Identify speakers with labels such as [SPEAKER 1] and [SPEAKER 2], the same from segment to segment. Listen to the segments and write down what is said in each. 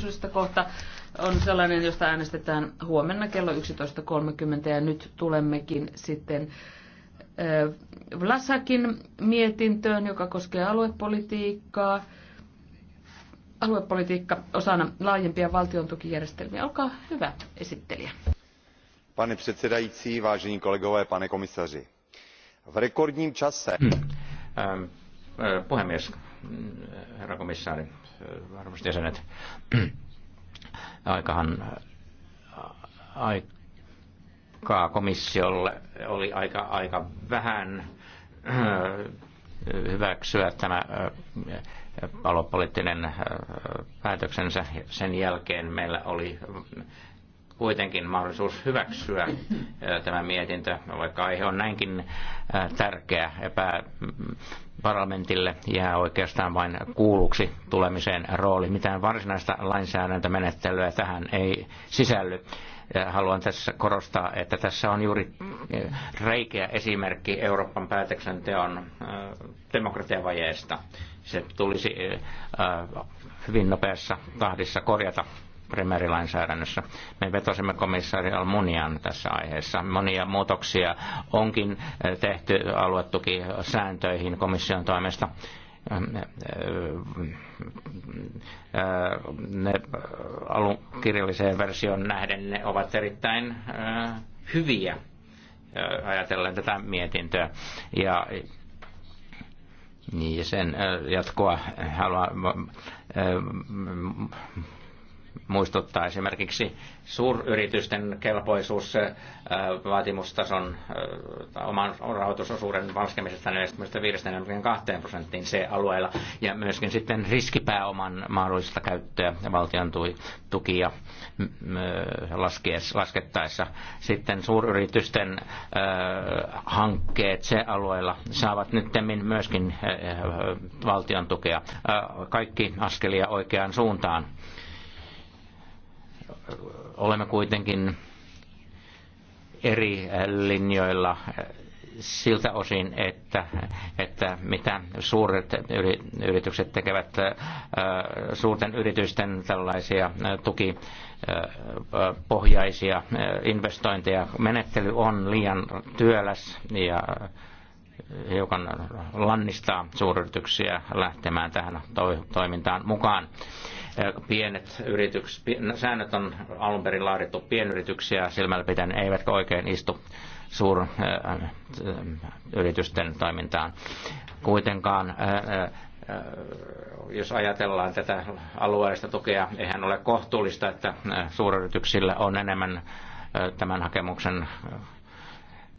[SPEAKER 1] työllisyydestä kohta on sellainen, josta äänestetään huomenna kello 11.30 ja nyt tulemmekin sitten eh, Vlasakin mietintöön, joka koskee aluepolitiikkaa. Aluepolitiikka osana laajempia valtiontukijärjestelmiä. Olkaa hyvä esittelijä.
[SPEAKER 2] Pane předsedající, vážení kolegové, pane komisaři. V rekordním čase... Hmm. Ähm, äh, puhemies, herra komissaari, varmasti jäsenet. Aikahan aikaa komissiolle oli aika, aika vähän äh, hyväksyä tämä palopoliittinen äh, äh, päätöksensä. Sen jälkeen meillä oli kuitenkin mahdollisuus hyväksyä tämä mietintö, vaikka aihe on näinkin tärkeä epä mm, parlamentille jää oikeastaan vain kuuluksi tulemiseen rooli. Mitään varsinaista lainsäädäntömenettelyä tähän ei sisälly. Haluan tässä korostaa, että tässä on juuri reikeä esimerkki Euroopan päätöksenteon demokratiavajeesta. Se tulisi hyvin nopeassa tahdissa korjata primärilainsäädännössä. Me vetosimme komissaari Almunian tässä aiheessa. Monia muutoksia onkin eh, tehty aluetukisääntöihin komission toimesta ehm, eh, eh, ne alun kirjalliseen versioon nähden ne ovat erittäin hyviä ajatellen tätä mietintöä. Ja niin sen jatkoa haluan muistuttaa esimerkiksi suuryritysten kelpoisuus vaatimustason äh, oman rahoitusosuuden valskemisesta 45-42 prosenttiin C-alueella ja myöskin sitten riskipääoman mahdollista käyttöä valtion tukia laskettaessa. Sitten suuryritysten äh, hankkeet C-alueella saavat nyt myöskin äh, valtion tukea. Kaikki askelia oikeaan suuntaan olemme kuitenkin eri linjoilla siltä osin, että, että mitä suuret yritykset tekevät suurten yritysten tällaisia tukipohjaisia investointeja. Menettely on liian työläs ja hiukan lannistaa suuryrityksiä lähtemään tähän toimintaan mukaan pienet yritykset, no, säännöt on alun perin laadittu pienyrityksiä silmällä pitäen, eivätkä oikein istu suuryritysten toimintaan. Kuitenkaan jos ajatellaan tätä alueellista tukea, eihän ole kohtuullista, että suuryrityksillä on enemmän tämän hakemuksen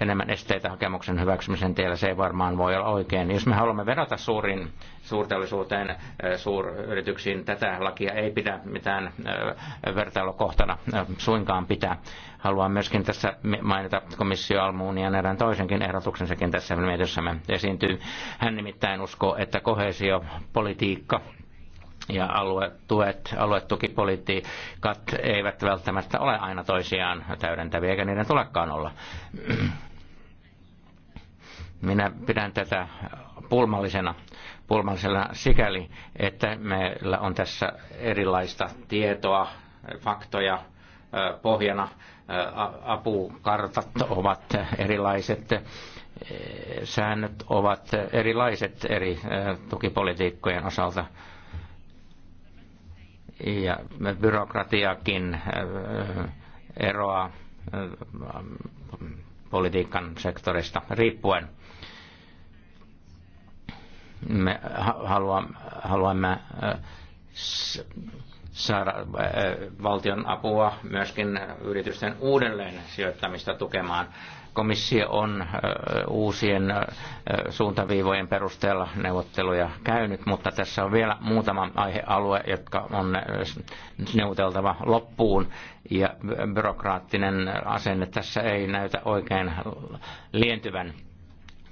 [SPEAKER 2] enemmän esteitä hakemuksen hyväksymisen tiellä. Se ei varmaan voi olla oikein. Jos me haluamme vedota suurin suurteollisuuteen, äh, suuryrityksiin, tätä lakia ei pidä mitään äh, vertailukohtana äh, suinkaan pitää. Haluan myöskin tässä mainita komissio Almunian erään toisenkin sekin tässä mietissämme esiintyy. Hän nimittäin uskoo, että kohesiopolitiikka ja aluetuet, aluetukipolitiikat eivät välttämättä ole aina toisiaan täydentäviä, eikä niiden tulekaan olla. Minä pidän tätä pulmallisena, pulmallisena sikäli, että meillä on tässä erilaista tietoa, faktoja pohjana. Apukartat ovat erilaiset, säännöt ovat erilaiset eri tukipolitiikkojen osalta ja byrokratiakin eroaa politiikan sektorista riippuen me haluamme, haluamme saada valtion apua myöskin yritysten uudelleen sijoittamista tukemaan. Komissio on uusien suuntaviivojen perusteella neuvotteluja käynyt, mutta tässä on vielä muutama aihealue, jotka on neuvoteltava loppuun. Ja byrokraattinen asenne tässä ei näytä oikein lientyvän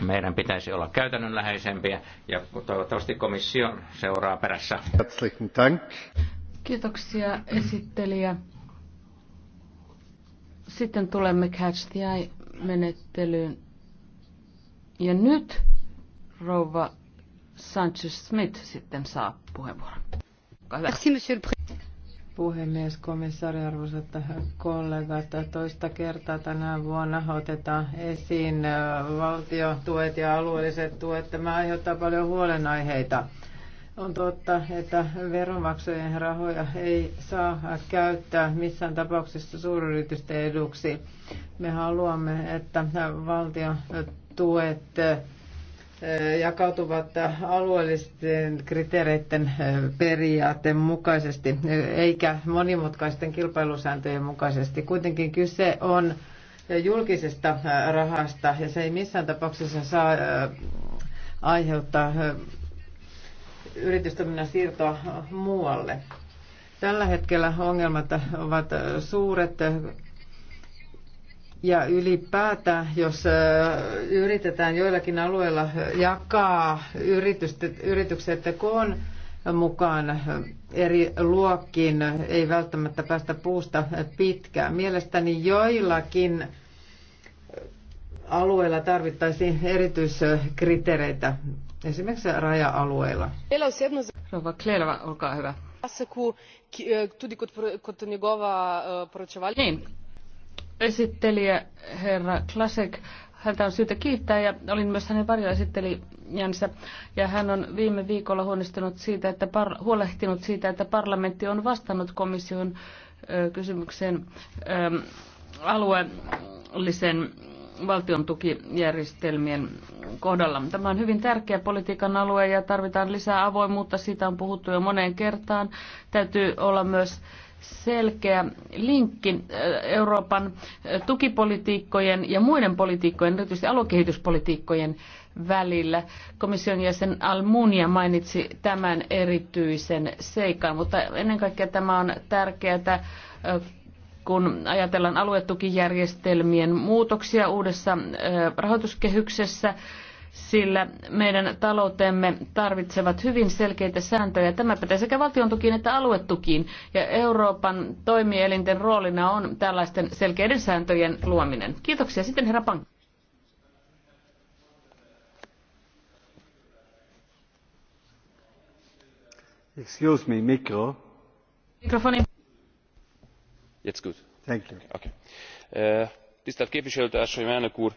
[SPEAKER 2] meidän pitäisi olla käytännönläheisempiä ja toivottavasti komissio seuraa perässä.
[SPEAKER 1] Kiitoksia esittelijä. Sitten tulemme Catch the Eye-menettelyyn. Ja nyt rouva Sanchez-Smith sitten saa puheenvuoron.
[SPEAKER 3] Olkaa hyvä puhemies, komissaari, arvoisat kollegat. Toista kertaa tänä vuonna otetaan esiin äh, valtiotuet ja alueelliset tuet. Tämä aiheuttaa paljon huolenaiheita. On totta, että veronmaksujen rahoja ei saa käyttää missään tapauksessa suuryritysten eduksi. Me haluamme, että valtion tuet jakautuvat alueellisten kriteereiden periaatteen mukaisesti, eikä monimutkaisten kilpailusääntöjen mukaisesti. Kuitenkin kyse on julkisesta rahasta, ja se ei missään tapauksessa saa aiheuttaa yritystoiminnan siirtoa muualle. Tällä hetkellä ongelmat ovat suuret ja ylipäätään, jos yritetään joillakin alueilla jakaa yritykset koon mukaan eri luokkiin, ei välttämättä päästä puusta pitkään. Mielestäni joillakin alueilla tarvittaisiin erityiskriteereitä, esimerkiksi raja-alueilla.
[SPEAKER 1] Rova Klerva, olkaa hyvä. E, e, niin, esittelijä herra Klasek. Häntä on syytä kiittää ja olin myös hänen varjoesittelijänsä. Ja hän on viime viikolla siitä, että, par- huolehtinut siitä, että parlamentti on vastannut komission ö, kysymykseen ö, alueellisen valtion tukijärjestelmien kohdalla. Tämä on hyvin tärkeä politiikan alue ja tarvitaan lisää avoimuutta. Siitä on puhuttu jo moneen kertaan. Täytyy olla myös selkeä linkki eh, Euroopan eh, tukipolitiikkojen ja muiden politiikkojen, erityisesti aluekehityspolitiikkojen välillä. Komission jäsen Almunia mainitsi tämän erityisen seikan, mutta ennen kaikkea tämä on tärkeää, eh, kun ajatellaan aluetukijärjestelmien muutoksia uudessa rahoituskehyksessä sillä meidän taloutemme tarvitsevat hyvin selkeitä sääntöjä. Tämä pätee sekä valtion tukiin että aluetukiin. Ja Euroopan toimielinten roolina on tällaisten selkeiden sääntöjen luominen. Kiitoksia. Sitten herra Pank. Excuse me, mikro. Mikrofoni.
[SPEAKER 3] Jetzt gut. Thank you. Okay.
[SPEAKER 1] Uh, tisztelt képviselőtársaim,
[SPEAKER 2] elnök úr!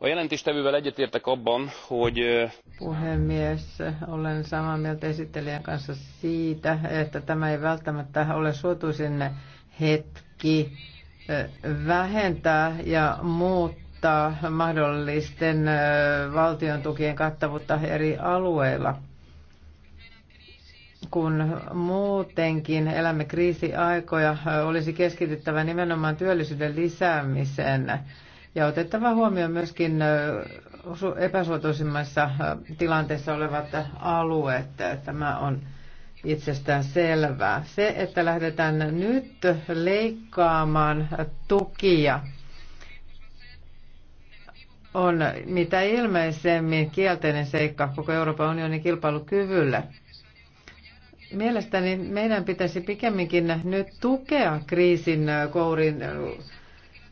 [SPEAKER 2] A jelentéstevővel egyetértek abban, hogy...
[SPEAKER 3] Puhemies, olen samaa mieltä esittelijän kanssa siitä, että tämä ei välttämättä ole suotuisin hetki vähentää ja muuttaa mahdollisten valtion tukien kattavuutta eri alueilla. Kun muutenkin elämme kriisiaikoja, olisi keskityttävä nimenomaan työllisyyden lisäämiseen ja otettava huomioon myöskin epäsuotuisimmassa tilanteessa olevat alueet. Tämä on itsestään selvää. Se, että lähdetään nyt leikkaamaan tukia, on mitä ilmeisemmin kielteinen seikka koko Euroopan unionin kilpailukyvylle. Mielestäni meidän pitäisi pikemminkin nyt tukea kriisin kourin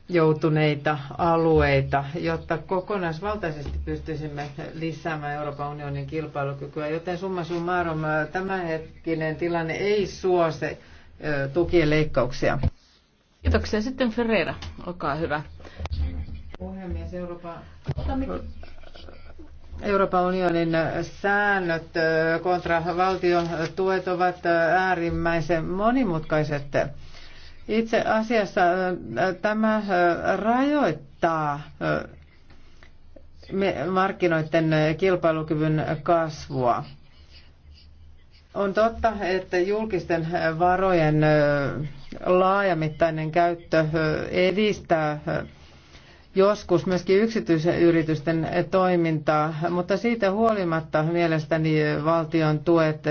[SPEAKER 3] joutuneita alueita, jotta kokonaisvaltaisesti pystyisimme lisäämään Euroopan unionin kilpailukykyä. Joten summa summarum, tämänhetkinen tilanne ei suose tukien leikkauksia. Kiitoksia. Sitten Ferreira, olkaa hyvä. Puhemies, Euroopan, Euroopan unionin säännöt kontra valtion tuet ovat äärimmäisen monimutkaiset itse asiassa tämä rajoittaa markkinoiden kilpailukyvyn kasvua. On totta, että julkisten varojen laajamittainen käyttö edistää joskus myöskin yksityisen yritysten toimintaa, mutta siitä huolimatta mielestäni valtion tuet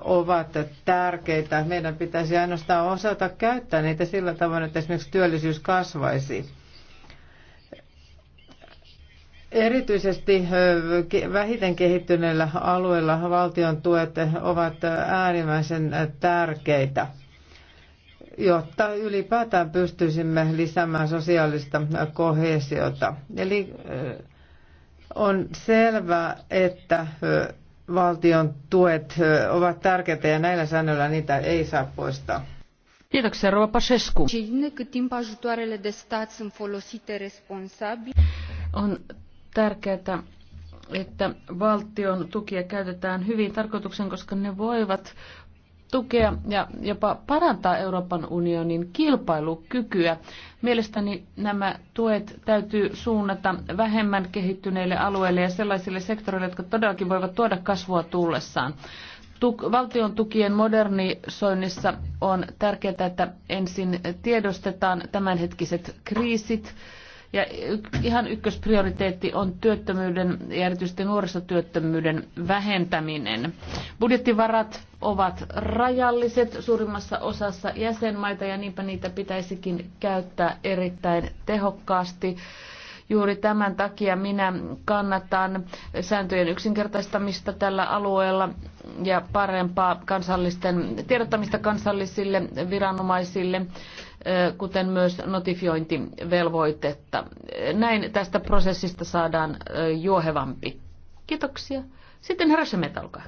[SPEAKER 3] ovat tärkeitä. Meidän pitäisi ainoastaan osata käyttää niitä sillä tavoin, että esimerkiksi työllisyys kasvaisi. Erityisesti vähiten kehittyneillä alueilla valtion tuet ovat äärimmäisen tärkeitä jotta ylipäätään pystyisimme lisäämään sosiaalista kohesiota. Eli on selvää, että valtion tuet ovat tärkeitä ja näillä säännöillä niitä ei saa poistaa. Kiitoksia, Rova Pasescu.
[SPEAKER 1] On tärkeää, että valtion tukia käytetään hyvin tarkoituksen, koska ne voivat tukea ja jopa parantaa Euroopan unionin kilpailukykyä. Mielestäni nämä tuet täytyy suunnata vähemmän kehittyneille alueille ja sellaisille sektoreille, jotka todellakin voivat tuoda kasvua tullessaan. Tuk- valtion tukien modernisoinnissa on tärkeää, että ensin tiedostetaan tämänhetkiset kriisit, ja ihan ykkösprioriteetti on työttömyyden ja erityisesti nuorisotyöttömyyden vähentäminen. Budjettivarat ovat rajalliset suurimmassa osassa jäsenmaita ja niinpä niitä pitäisikin käyttää erittäin tehokkaasti. Juuri tämän takia minä kannatan sääntöjen yksinkertaistamista tällä alueella ja parempaa kansallisten tiedottamista kansallisille viranomaisille kuten myös notifiointivelvoitetta. Näin tästä prosessista saadaan juohevampi. Kiitoksia. Sitten herra Semet, olkaa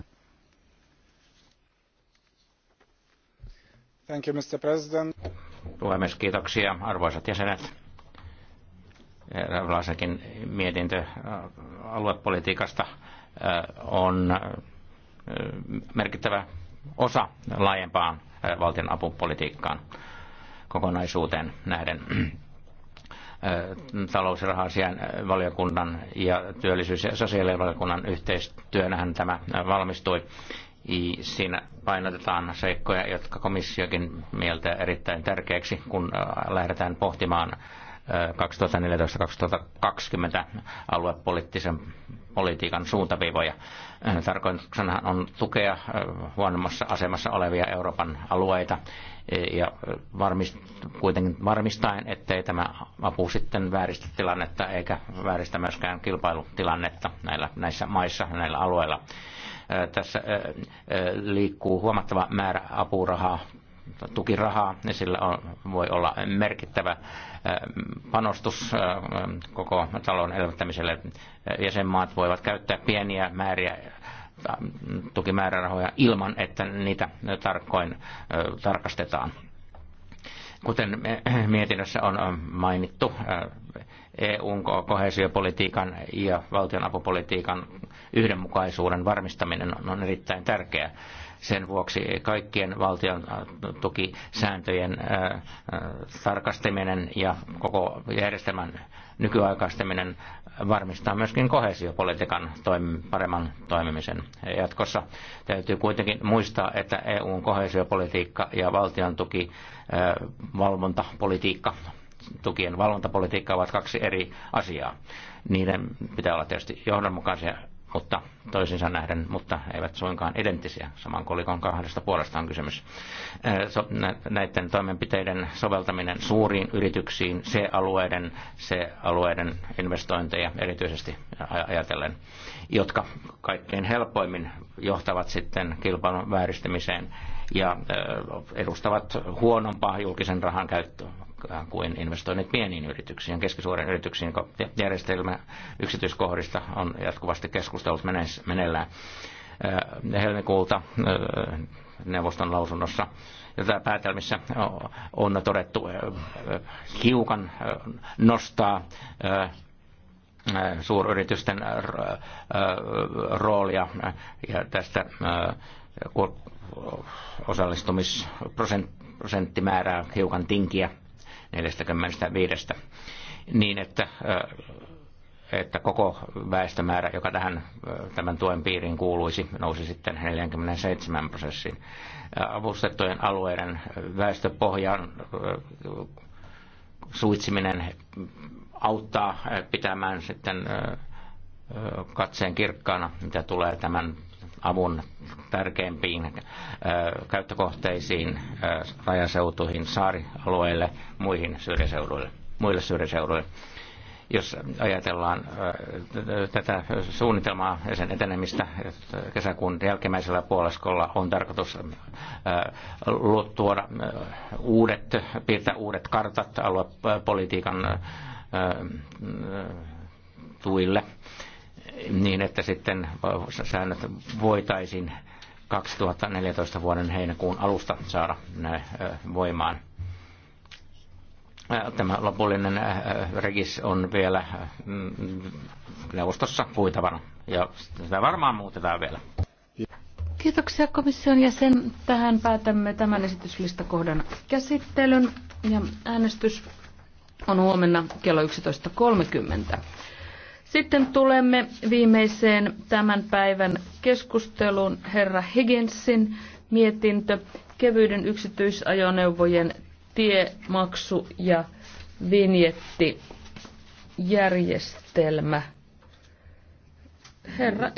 [SPEAKER 1] Thank you, Mr.
[SPEAKER 2] President. Puhemies, kiitoksia arvoisat jäsenet. Vlasakin mietintö aluepolitiikasta on merkittävä osa laajempaan valtion apupolitiikkaan kokonaisuuteen näiden talous- ja valiokunnan ja työllisyys- ja sosiaalivaliokunnan yhteistyönähän tämä valmistui. Siinä painotetaan seikkoja, jotka komissiokin mieltää erittäin tärkeäksi, kun lähdetään pohtimaan 2014-2020 aluepoliittisen politiikan suuntaviivoja. Tarkoituksena on tukea äh, huonommassa asemassa olevia Euroopan alueita ja varmist, kuitenkin varmistaen, ettei tämä apu sitten vääristä tilannetta eikä vääristä myöskään kilpailutilannetta näillä, näissä maissa, näillä alueilla. Äh, tässä äh, liikkuu huomattava määrä apurahaa tukirahaa, niin sillä on, voi olla merkittävä panostus koko talouden elvyttämiselle. Jäsenmaat voivat käyttää pieniä määriä tukimäärärahoja ilman, että niitä tarkoin tarkastetaan. Kuten mietinnössä on mainittu, EUn kohesiopolitiikan ja valtionapupolitiikan yhdenmukaisuuden varmistaminen on erittäin tärkeää sen vuoksi kaikkien valtion äh, tukisääntöjen äh, äh, tarkastaminen ja koko järjestelmän nykyaikaistaminen varmistaa myöskin kohesiopolitiikan paremman toimimisen jatkossa. Täytyy kuitenkin muistaa, että EUn kohesiopolitiikka ja valtion tuki, valvontapolitiikka, tukien valvontapolitiikka ovat kaksi eri asiaa. Niiden pitää olla tietysti johdonmukaisia mutta toisinsa nähden, mutta eivät suinkaan identtisiä. Saman kolikon kahdesta puolesta on kysymys. näiden toimenpiteiden soveltaminen suuriin yrityksiin, se alueiden se alueiden investointeja erityisesti ajatellen, jotka kaikkein helpoimmin johtavat sitten kilpailun vääristymiseen ja edustavat huonompaa julkisen rahan käyttöä kuin investoinnit pieniin yrityksiin, keskisuuren yrityksiin, järjestelmä yksityiskohdista on jatkuvasti keskustelut meneillään helmikuulta neuvoston lausunnossa jota päätelmissä on todettu hiukan nostaa suuryritysten roolia ja tästä osallistumisprosenttimäärää hiukan tinkiä 45, niin että, äh, että koko väestömäärä, joka tähän äh, tämän tuen piiriin kuuluisi, nousi sitten 47 prosessiin. Äh, avustettujen alueiden väestöpohjan suitsiminen auttaa pitämään sitten katseen kirkkaana, mitä tulee tämän avun tärkeimpiin käyttökohteisiin, rajaseutuihin, saarialueille, muihin syrjäseuduille, muille syrjäseuduille jos ajatellaan tätä suunnitelmaa ja sen etenemistä kesäkuun jälkimmäisellä puoliskolla on tarkoitus tuoda uudet, piirtää uudet kartat aluepolitiikan tuille niin, että sitten säännöt voitaisiin 2014 vuoden heinäkuun alusta saada voimaan. Tämä lopullinen regis on vielä mm, neuvostossa puitavana ja sitä varmaan muutetaan vielä.
[SPEAKER 1] Kiitoksia komission jäsen. Tähän päätämme tämän esityslistakohdan käsittelyn ja äänestys on huomenna kello 11.30. Sitten tulemme viimeiseen tämän päivän keskusteluun herra Higginsin mietintö kevyiden yksityisajoneuvojen tiemaksu ja vinjettijärjestelmä. Herra